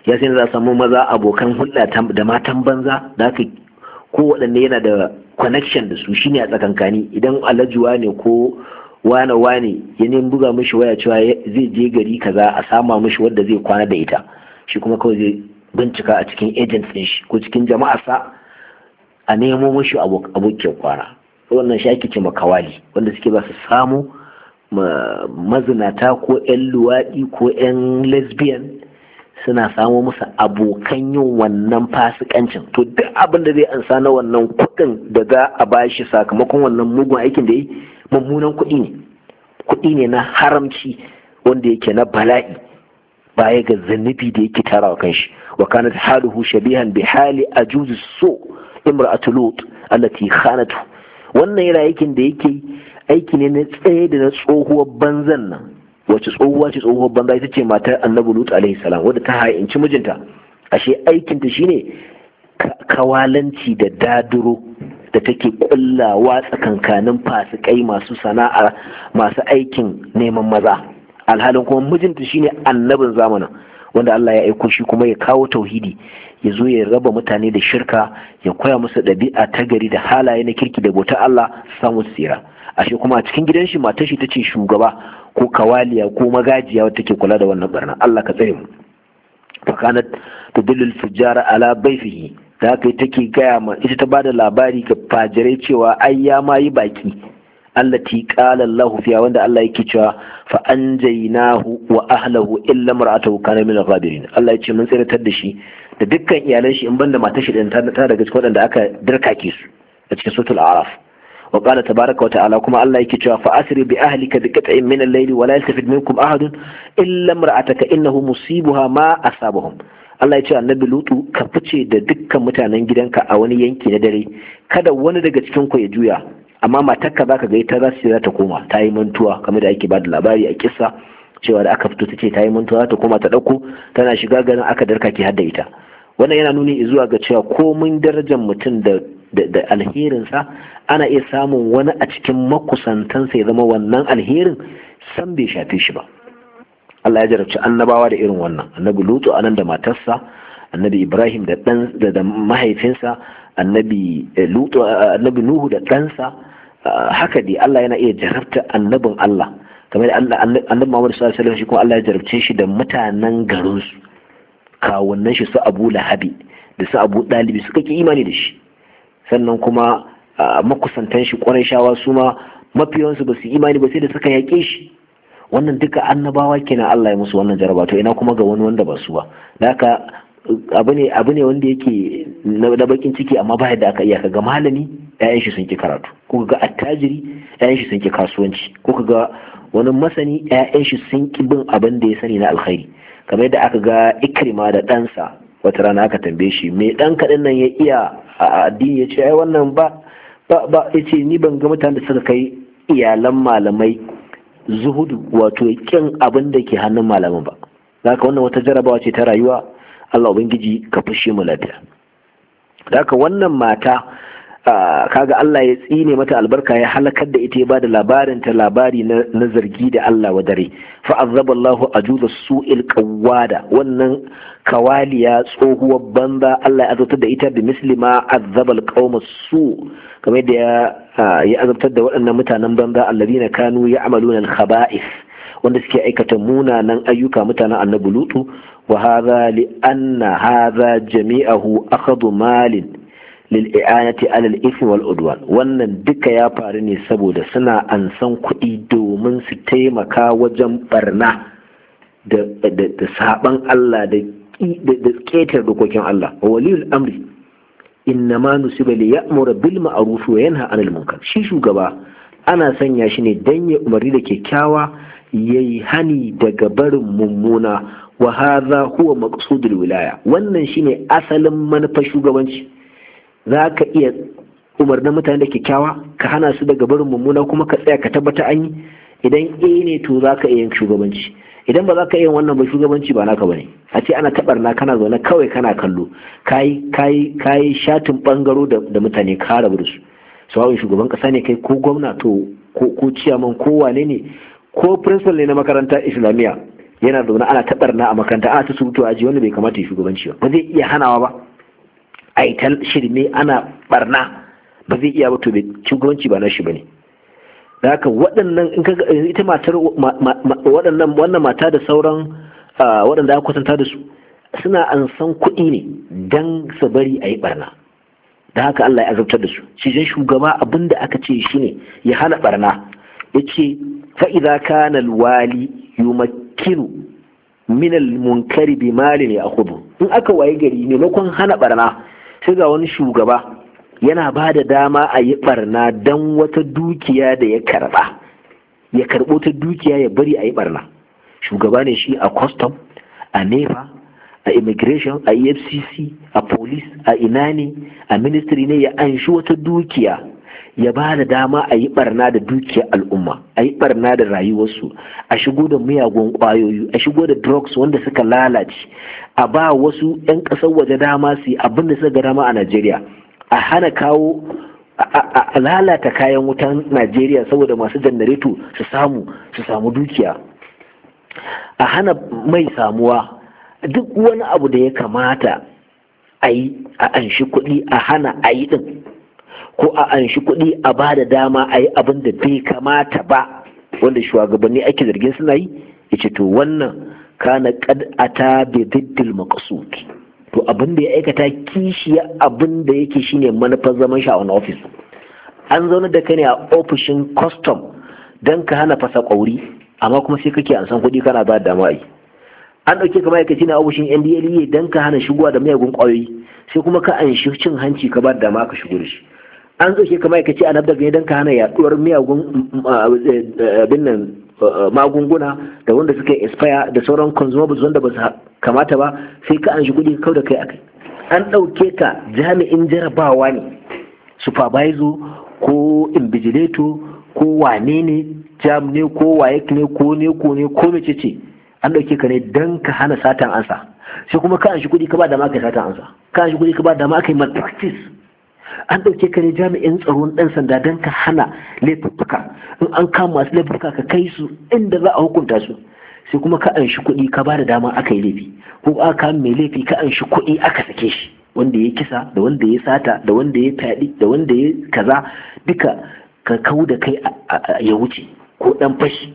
ya san yadda za a samu maza abokan hulɗa da matan banza da aka ko waɗanne yana da connection da su shine a tsakankani idan alajuwa ne ko wane wane ya buga mishi waya cewa zai je gari kaza a sama mishi wadda zai kwana da ita shi kuma kawai zai bincika a cikin agents ɗin shi ko cikin jama'a sa a nemo mishi abokin kwana wannan shi ake ce makawali wanda suke basu su samu mazinata ko 'yan luwaɗi ko 'yan lesbian suna samo musu abokan yin wannan fasikancin to duk abin da zai ansa na wannan kuɗin da za a shi sakamakon wannan mugun aikin da yi mummunan kuɗi ne kuɗi ne na haramci wanda yake na bala'i baya ga zunubi da yake tara wa kanshi wa kanat haluhu shabihan bi hali ajuzu so imra'atu lut allati khanatu wannan yana aikin da yake aiki ne na tsaye da na tsohuwar banzan nan wace tsohuwa ce tsohuwar banza ita ce matar annabi lutu alaihi salam wadda ta ha'inci mijinta ashe aikinta shine kawalanci da daduro da take kullawa tsakankanin fasikai masu sana'a masu aikin neman maza alhalin kuma mijinta shine annabin zamanin wanda Allah ya aiko shi kuma ya kawo tauhidi ya zo ya raba mutane da shirka ya koya musu ɗabi'a ta gari da halaye na kirki da bauta Allah samu tsira ashe kuma a cikin gidan shi matar shi ta ce shugaba ko kawaliya ko magajiya wata take kula da wannan barna Allah ka tsare mu fakanat tudillul fujjara ala baifihi da kai take gaya ma ita ta bada labari ga fajirai cewa ai ya ma yi baki ti qala Allah fiya wanda Allah yake cewa fa anjaynahu wa ahlihi illa mar'atahu kana min al-ghabirin Allah ya ce mun tsiratar da shi da dukkan iyalan shi in banda matar shi din ta daga cikin waɗanda aka dirkake su a cikin sutul a'raf wa qala tabaraka wa ta'ala kuma Allah yake cewa fa asri bi ahlika bi qat'in min al-layli wa la yaltafit minkum ahadun illa imra'ataka innahu musibuha ma asabahum Allah ya ce annabi lutu ka fice da dukkan mutanen gidanka a wani yanki na dare kada wani daga cikin ku ya juya amma matarka zaka ga ita za su za ta koma ta yi mantuwa kamar da ake ba da labari a kissa cewa da aka fito ta ce ta yi mantuwa ta koma ta ɗauko tana shiga ganin aka darka ki har da ita wannan yana nuni zuwa ga cewa komin darajar mutum da da alherinsa ana iya samun wani a cikin makusantansa ya zama wannan alherin san bai shafe shi ba Allah ya jarabci annabawa da irin wannan annabi lutu anan da matarsa annabi ibrahim da dan da mahaifinsa annabi eh, lutu eh, annabi nuhu da ɗansa eh, haka dai Allah yana iya jarabta annabin Allah kamar da annabi Muhammad sallallahu alaihi wasallam shi kuma Allah ya jarabce shi da mutanen garinsu kawunan shi su abu lahabi da su abu ɗalibi suka ki imani da shi sannan kuma makusantan shi ƙwarai shawa su ma mafiyansu ba su imani ba sai da suka yaƙe shi wannan duka annabawa kenan Allah ya musu wannan jaraba to ina kuma ga wani wanda ba su ba haka abu ne abu ne wanda yake na bakin ciki amma ba yadda aka iya ga malami ƴaƴan shi sun ki karatu ko ga attajiri ƴaƴan shi sun ki kasuwanci ko ga wani masani ƴaƴan shi sun ki bin abin da ya sani na alkhairi kamar yadda aka ga ikrima da ɗansa wata rana aka tambaye shi me ɗan kaɗin nan ya iya a addini ya ce ai wannan ba ba ya ce ni ban ga mutane da suka kai iyalan malamai zuhudu wato kin abin da ke hannun malamin ba haka wannan wata jarabawa ce ta rayuwa Allah ubangiji ka fushe mu lafiya aka wannan mata kaga Allah ya tsine mata albarka ya halakar da ita ya bada labarin ta labari na zargi da Allah wa dare fa azaba Allahu ajuza su'il qawada wannan kawaliya tsohuwar banza Allah ya azabtar da ita bi muslima azaba alqawma su kamar da ya azabtar da waɗannan mutanen banza alladhina kanu ya'maluna alkhaba'is wanda suke aikata munanan ayyuka mutanen annabi lutu wa hadha li anna hadha jami'ahu akhadhu malin lil'i'anati alal ismi wal udwan wannan duka ya faru ne saboda suna ansan kuɗi domin su taimaka wajen barna da saban Allah da ƙetar dokokin Allah waliyul amri innama nusiba li ya'mura bil ma'ruf wa yanha 'anil munkar shi shugaba ana sanya shi ne dan ya umarni da kyakkyawa yayi hani daga barin mummuna wa hadha huwa maqsudul wilaya wannan shine asalin manufar shugabanci za ka iya umarnin mutane da kyakkyawa ka hana su daga barin mummuna kuma ka tsaya ka tabbata an yi idan eh ne to za ka iya yin shugabanci idan ba za ka iya wannan ba shugabanci ba naka bane a ce ana tabar na kana zaune kawai kana kallo kayi kayi kayi shatin bangaro da mutane ka rabu da su sawa'in shugaban kasa ne kai ko gwamna to ko ciyaman ko wane ne ko principal ne na makarantar islamiyya yana zaune ana tabar na a makaranta a ta surutu aji wanda bai kamata ya shugabanci ba ba zai iya hanawa ba a yi shirme ana barna ba zai iya ba to shugabanci ba na shi ba ne da haka waɗannan in kaga ita matar waɗannan wannan mata da sauran waɗanda aka kwatanta da su suna an san kuɗi ne dan su bari a yi barna da haka Allah ya azabtar da su shi zai shugaba abinda aka ce shi ne ya hana barna ya ce fa'iza kana wali yumakkinu minal munkari bi malin ya in aka waye gari maimakon hana barna sai wani shugaba yana ba da dama a yi barna don wata dukiya da ya karba ya karbo ta dukiya ya bari a yi barna shugaba ne shi a custom a nefa a immigration a efcc a police a inani, a ministry ne ya anshi wata dukiya ya ba da dama a yi barna da dukiya al'umma a yi barna da rayuwarsu a shigo da miyagun kwayoyi a shigo da drugs wanda suka lalace a ba wasu 'yan ƙasar waje dama su abin da suka gada dama a najeriya a hana kawo a lalata kayan wutan najeriya saboda masu janareto su samu su samu dukiya a hana mai samuwa duk wani abu da ya kamata a yi a anshi kuɗi a hana a yi ɗin ko a anshi kuɗi a ba da dama a yi abin da bai kamata ba wanda shugabanni ake zargin suna yi ya ce to wannan kana kad ata bi diddil maqsud to abin da ya aikata kishiya abin da yake shine manufar zaman shi a wani office an zauna da kai ne a ofishin custom dan ka hana fasa kwauri amma kuma sai kake an san kuɗi kana ba da mai an ɗauke ka ma'aikaci a ofishin NDLEA dan e ka hana shigowa da mayagun ƙwayoyi sai kuma ka anshi cin hanci ka ba da ma ka shigo da shi an ɗauke ka ma'aikaci a nabda ne dan ka hana yaɗuwar miyagun mm, mm, ah, eh, eh, abin nan Eh, magunguna da wanda suka expire da sauran consumables wanda ba su kamata ba sai ka an shi kudi kau da kai akai an ɗauke ka jami'in jarabawa ne supervisor ko invigilator ko wane ne jam ne ko waye ne ko ne ko ne ko mace ce an ɗauke ka ne don ka hana satan ansa sai kuma ka an shi kudi ka ba da ma kai satan ansa ka an shi kudi ka ba da ma kai malpractice an ɗauke ka ne jami'in tsaron ɗan sanda don ka hana laifuka in an kama masu laifuka ka kai su inda za a hukunta su sai kuma ka anshi kuɗi ka ba da dama aka yi laifi ko aka mai laifi ka anshi kuɗi aka sake shi wanda ya kisa da wanda ya sata da wanda ya fyaɗi da wanda ya kaza duka ka kau da kai ya wuce ko ɗan fashi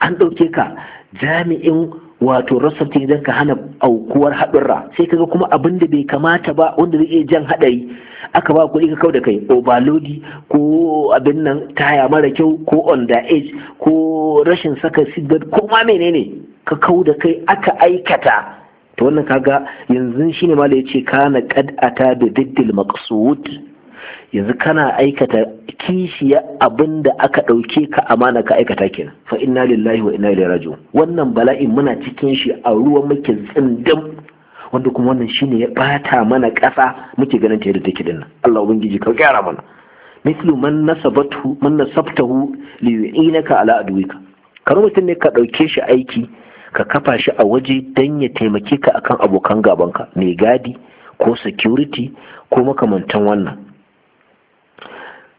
an ɗauke ka jami'in wato rasa ce don ka hana aukuwar haɗurra sai kaga kuma abin da bai kamata ba wanda zai iya jan haɗari aka ba kuɗi ka kawo da kai obalodi, ko abin nan taya mara kyau ko under age ko rashin saka seatbelt ko ma menene ka kau da kai aka aikata to wannan kaga yanzu shine ma da yace kana qad ata bi diddil maqsud yanzu kana aikata kishiya abinda aka ɗauke ka amana ka aikata kenan fa inna lillahi wa inna ilaihi raji'un wannan bala'in muna cikin shi a ruwan muke tsindin wanda kuma wannan shine ya bata mana ƙasa muke ganin ta yadda take dinnan Allah ubangiji ka kyara mana mislu man nasabatu man nasabtahu li yu'inaka ala adwika karo mutum ne ka ɗauke shi aiki ka kafa shi a waje dan ya taimake ka akan abokan gabanka mai gadi ko security ko makamantan wannan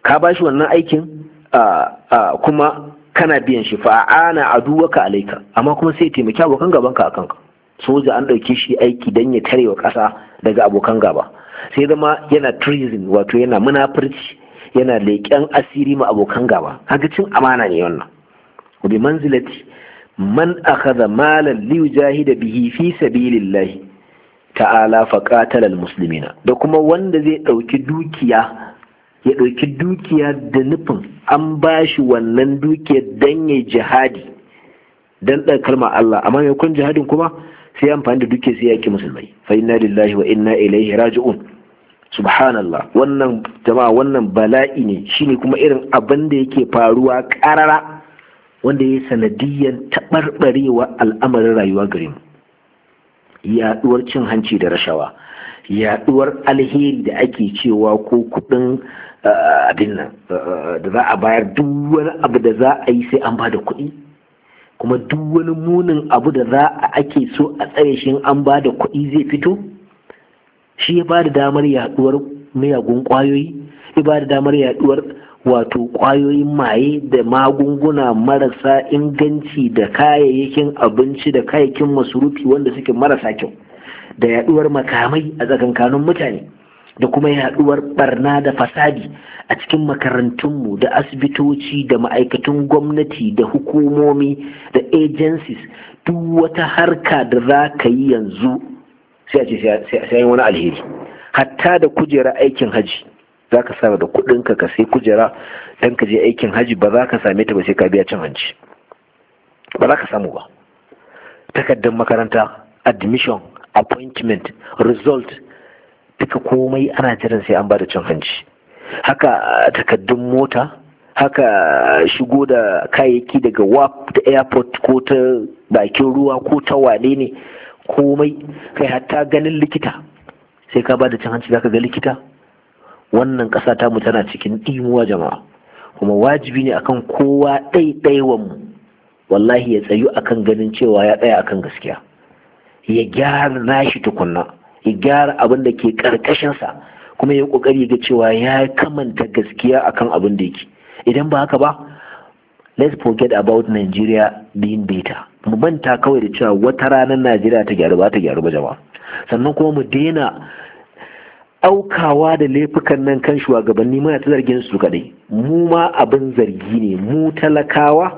ka ba shi wannan aikin kuma kana biyan shi fa ana waka alaika amma kuma sai taimaki abokan gaban ka akan soja an ɗauke shi aiki don ya tare wa ƙasa daga abokan gaba sai zama yana treason wato yana munafurci yana leƙen asiri ma abokan gaba haka cin amana ne wannan bi manzilati man akhadha malan li yujahida bihi fi sabilillahi ta'ala fa qatala almuslimina da kuma wanda zai ɗauki dukiya ya ɗauki dukiya da nufin an ba shi wannan dukiyar dan ya jihadi dan ɗan kalma Allah amma mai kun jihadin kuma sai ya amfani da dukiyar sai ya yaki musulmai fa inna lillahi wa inna ilaihi raji'un subhanallah wannan jama'a wannan bala'i ne shine kuma irin abin da yake faruwa karara wanda ya sanadiyyar taɓarɓarewa al'amarin rayuwa gare mu yaɗuwar cin hanci da rashawa yaɗuwar alheri da ake cewa ko kuɗin abin nan da za a bayar duk wani abu da za a yi sai an ba da kuɗi kuma duk wani munin abu da za a ake so a tsare shi an ba da kuɗi zai fito shi ya ba da damar yaduwar miyagun ƙwayoyi ya ba da damar yaduwar wato ƙwayoyin maye da magunguna marasa inganci da kayayyakin abinci da kayayyakin masurufi wanda suke marasa kyau da yaɗuwar makamai a tsakankanin mutane da kuma yaduwar barna da fasadi a cikin makarantunmu da asibitoci da ma'aikatan gwamnati da hukumomi da agencies duk wata harka da za ka yi yanzu sai a wani alheri hatta da kujera aikin haji za ka sa da kudinka ka sai kujera don ka je aikin haji ba za ka same ta ba sai ka biya cin hanci ba za ka samu ba takardar makaranta admission appointment result duka komai ana jiran sai an bada da cin hanci haka ah, takaddun mota haka ah, shigo da kayayyaki daga wap da airport ko ta bakin ruwa ko ta wale ne komai kai hatta ganin likita sai ka ba da cin hanci zaka ga likita wannan ƙasa tamu tana cikin ɗimuwa jama'a kuma wajibi ne akan kowa ɗaiɗaiwan mu wallahi ya tsayu akan ganin cewa ya tsaya akan gaskiya ya gyara nashi tukunna ya gyara abin da ke karkashinsa kuma ya kokari ga cewa ya kamanta gaskiya akan abin da yake idan ba haka ba let's forget about Nigeria being better mu manta kawai da cewa wata ranar Najeriya ta gyaru ba ta gyaru ba jama'a sannan kuma mu daina aukawa da laifukan nan kan shugabanni muna ta zargin su kadai mu ma abin zargi ne mu talakawa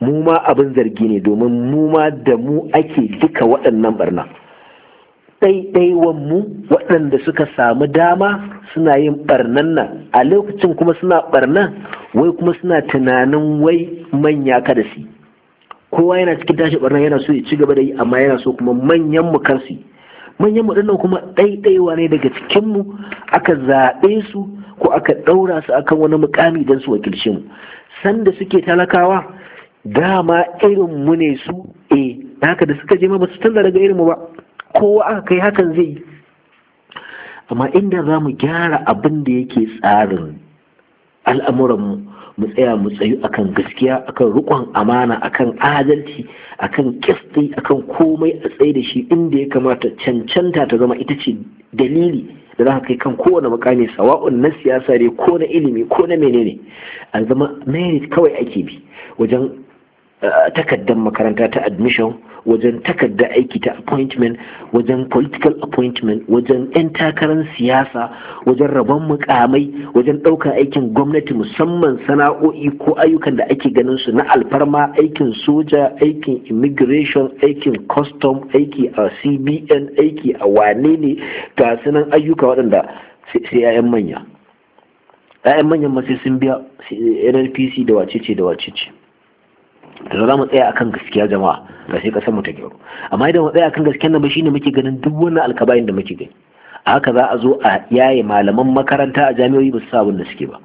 mu ma abin zargi ne domin mu ma da mu ake duka waɗannan barna ɗaiɗaiwan mu waɗanda suka samu dama suna yin ɓarnan nan a lokacin kuma suna ɓarnan wai kuma suna tunanin wai manya kada su kowa yana cikin tashi ɓarnan yana so ya ci gaba da yi amma yana so kuma manyan mu kansu manyan mu ɗannan kuma ɗaiɗaiwa ne daga cikin mu aka zaɓe su ko aka ɗaura su akan wani mukami don su wakilce mu sanda suke talakawa dama irin mu ne su eh haka da suka je ma ba su tallara daga irin mu ba kowa aka kai hakan zai yi amma inda za mu gyara abin da yake tsarin al'amuran mu tsaya mu tsayu akan gaskiya akan rikon amana akan adalci akan kisti akan komai a tsaye da shi inda ya kamata cancanta ta zama ita ce dalili da za ka kai kan kowane makami sawa'un na siyasa ne ko na ilimi ko na menene a zama merit kawai ake bi wajen eh, takaddan makaranta ta admission wajen takarda aiki ta appointment wajen political appointment wajen 'yan takarar siyasa wajen rabon mukamai wajen ɗaukar aikin gwamnati musamman sana'o'i ko ayyukan da ake ganin su na alfarma aikin soja aikin immigration aikin custom aiki a cbn aiki a wane ne ga sunan ayyuka waɗanda sai 'ya'yan manya 'ya'yan manyan ma sun biya nnpc da wacece da wacece da za mu tsaya a kan gaskiya jama'a ba sai kasar mu ta gyaru amma idan mu tsaya a kan gaskiya nan ba shine muke ganin duk wannan alkabayin da muke gani a haka za a zo a yaye malaman makaranta a jami'o'i ba su sa abin da suke ba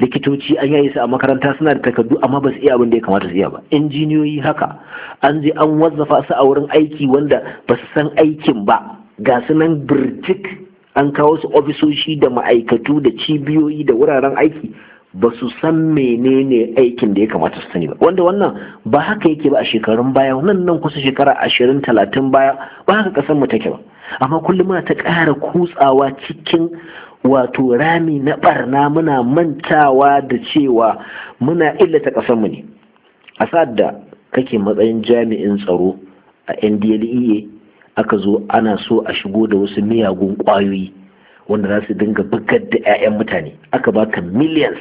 likitoci an yaye su a makaranta suna da takardu amma ba su iya abin da ya kamata su iya ba injiniyoyi haka an je an wazzafa su a wurin aiki wanda ba su san aikin ba ga su nan birtik an kawo su ofisoshi da ma'aikatu da cibiyoyi da wuraren aiki ba su san menene aikin da ya kamata su sani ba wanda wannan ba haka yake ba a shekarun baya nan nan kusa shekara ashirin talatin baya ba haka kasan mu take ba amma kullum ta ƙara kutsawa cikin wato rami na barna muna mantawa da cewa muna illata kasan mu ne a sa'ad da kake matsayin jami'in tsaro a NDLEA aka zo ana so a shigo da wasu miyagun ƙwayoyi wanda za su dinga bugar da 'ya'yan mutane aka baka millions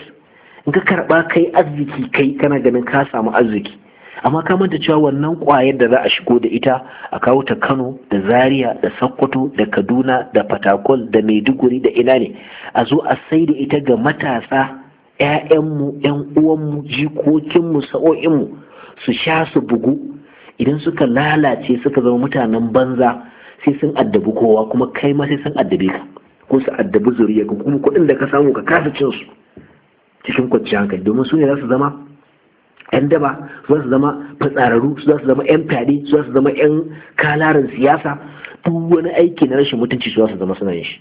in ka karɓa kai arziki kai kana ganin ka samu arziki amma ka manta cewa wannan ƙwayar da za a shigo da ita a kawo ta Kano da Zaria da Sokoto da Kaduna da Fatakol da Maiduguri da ina ne a zo a sai da ita ga matasa 'ya'yanmu, 'yan'uwanmu, uwanmu jikokinmu sa'o'inmu su sha su bugu idan suka lalace suka zama mutanen banza sai sun addabi kowa kuma kai ma sai sun addabi ka ko su addabi zuriya kuma kuɗin da ka samu ka kasa cin su cikin kwanciyar hankali domin su ne za su zama 'yan daba su za su zama fatsararru su za su zama 'yan fyaɗe su za su zama 'yan kalarin siyasa duk wani aiki na rashin mutunci su za su zama suna yin shi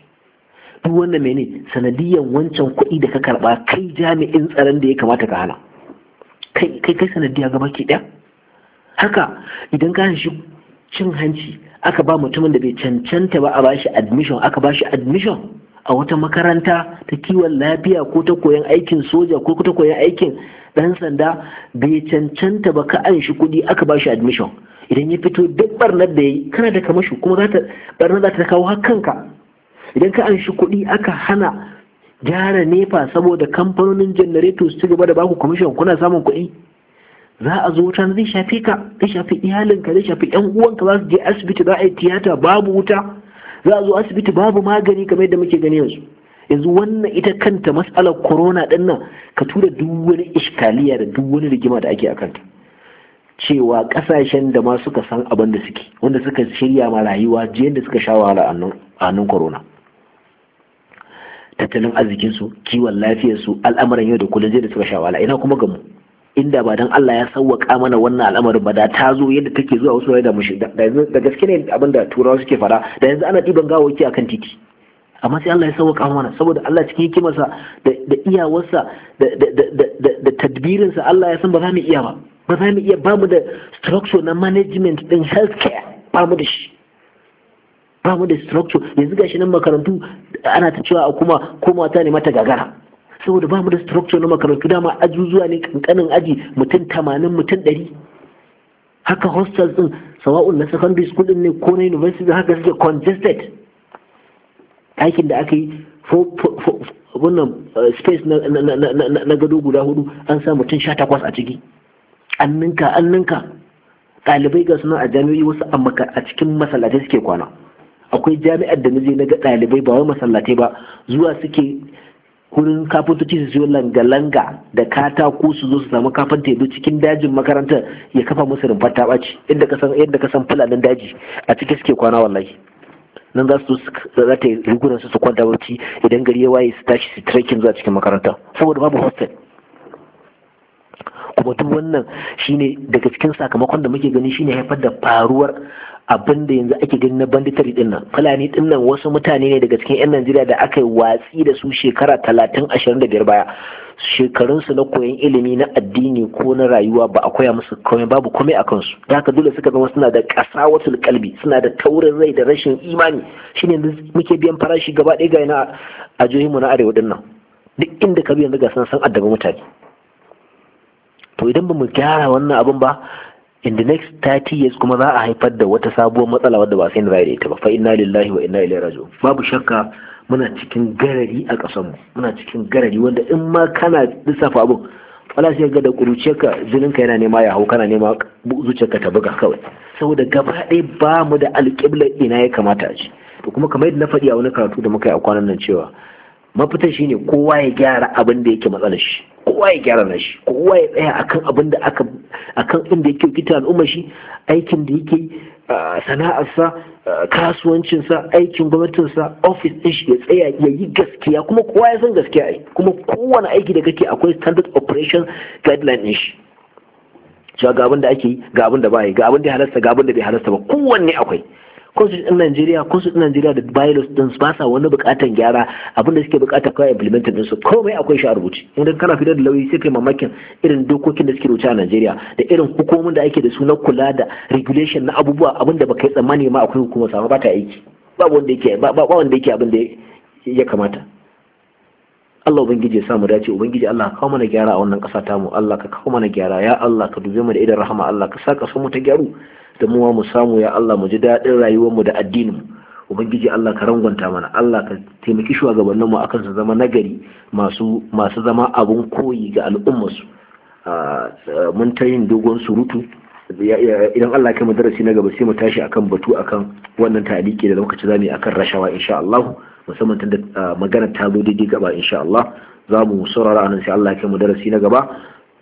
duk wannan mene sanadiyan wancan kuɗi da ka karɓa kai jami'in tsaron da ya kamata ka hana kai kai kai sanadiya ga baki ɗaya haka idan ka shi cin hanci aka ba mutumin da bai cancanta ba a bashi admission aka bashi admission a wata makaranta ta kiwon lafiya ko ta koyan aikin soja ko ta koyan aikin dan sanda bai cancanta ba ka an shi kuɗi aka ba shi admission idan ya fito duk barnar da ya yi kana da kamashi kuma za ta barnar za ta kawo hakanka idan ka an shi kuɗi aka hana gyara nefa saboda kamfanonin janareto su gaba da baku kwamishin kuna samun kuɗi za a zo wuta zai shafe ka zai shafi iyalinka zai shafi yan uwanka za su je asibiti za a yi tiyata babu wuta za a zo asibiti babu magani kamar yadda muke gani yanzu yanzu wannan ita kanta matsalar corona din nan ka tura duk wani iskaliya da duk wani rigima da ake a kanta cewa kasashen da ma suka san abin da suke wanda suka shirya ma rayuwa jiyan da suka sha wahala a hannun corona tattalin arzikinsu kiwon lafiyarsu al'amuran yau da kullum jiyan da suka sha wahala ina kuma gamu inda ba dan Allah ya sauwaka mana wannan al'amarin ba da ta zo yadda take zuwa wasu da mushi da gaske ne abin da turawa suke fara da yanzu ana diban gawaki akan titi amma sai Allah ya sauwaka mana saboda Allah cikin hikimarsa da iyawarsa da tadbirinsa Allah ya san ba za mu iya ba ba za mu iya ba mu da structure na management din healthcare ba mu da shi ba mu da structure yanzu gashi nan makarantu ana ta cewa a kuma ko mata ne mata gagara saboda ba mu da structure na makarantu dama ajujuwa ne kankanin aji mutum tamanin mutum ɗari haka hostels din sawa'un na secondary school din ne ko na university haka suke congested aikin da aka yi wannan eh, space na gado guda hudu an sa mutum sha takwas a ciki an ninka an ninka ɗalibai ga suna a jami'o'i wasu a cikin masallatai suke kwana akwai jami'ar da na je na ga ɗalibai ba wai masallatai ba zuwa suke kurin kafintoci su siyo langa-langa da katako su zo su samu kafinta yadda cikin dajin makarantar ya kafa musu rumfar ta ɓaci yadda ka san fulanin daji a cikin suke kwana wallahi nan za su za ta yi rigunan su su kwanta barci idan gari ya waye su tashi su trekking zuwa cikin makarantar saboda babu hostel kuma duk wannan shine daga cikin sakamakon da muke gani shine haifar da faruwar abin da yanzu ake gani na banditari din nan fulani din nan wasu mutane ne daga cikin 'yan najeriya da aka yi watsi da su shekara talatin ashirin da biyar baya shekarunsu na koyon ilimi na addini ko na rayuwa ba a koya musu komai babu komai a kansu da haka dole suka zama suna da ƙasa wasu kalbi suna da taurin rai da rashin imani shine muke biyan farashi gaba ɗaya ga yana a jihohinmu na arewa din nan duk inda ka biyan daga san san addabi mutane to idan ba mu gyara wannan abin ba in the next 30 years kuma za a haifar da wata sabuwar matsala wadda ba sai na da ita ba fa inna lillahi wa inna ilaihi raji'un babu shakka muna cikin garari a ƙasar mu muna cikin garari wanda in ma kana lissafa abun wala sai ga da jinin ka yana nema ya hau kana nema zuciyarka ta buga kawai saboda gaba ɗaya ba mu da alƙiblar ina ya kamata a ci to kuma kamar yadda na faɗi a wani karatu da muka yi a kwanan nan cewa mafitar shine kowa ya gyara abin da yake matsalar shi kowa ya gyara na shi kowa ya tsaya akan abin da aka akan inda yake kita al'umma shi aikin da yake sana'arsa kasuwancinsa aikin gwamnatinsa ofis din shi ya tsaya ya yi gaskiya kuma kowa ya san gaskiya ai kuma kowane aiki da kake akwai standard operation guideline din shi cewa ga abin da ake yi ga abin da ba yi ga abin da halasta ga abin da bai halasta ba kowanne akwai constitution ɗin Najeriya constitution Najeriya da bylaws ɗin ba sa wani bukatan gyara abinda da suke buƙata kawai implementing ɗinsu komai akwai shi a rubuce idan kana fitar da lauyi sai kai mamakin irin dokokin da suke rubuce a Najeriya da irin hukumomin da ake da su na kula da regulation na abubuwa abinda da baka yi tsammani ma akwai hukuma sama ba ta aiki ba wanda yake ba wanda yake abin da ya kamata Allah ubangiji ya samu dace ubangiji Allah kawo mana gyara a wannan kasa tamu Allah ka kawo mana gyara ya Allah ka dube mu da idan rahama Allah ka sa kaso mu ta gyaru da muwa mu samu ya Allah mu ji daɗin mu da addininmu ubangiji Allah ka rangwanta mana Allah ka taimaki shugabanninmu akan su zama nagari masu masu zama abun koyi ga al'ummarsu mun ta yin dogon surutu idan Allah kai mu darasi na gaba sai mu tashi akan batu akan wannan taliki da lokaci zamu yi akan rashawa insha Allah musamman tunda magana ta zo daidai gaba insha Allah za mu saurara anan sai Allah kai mu darasi na gaba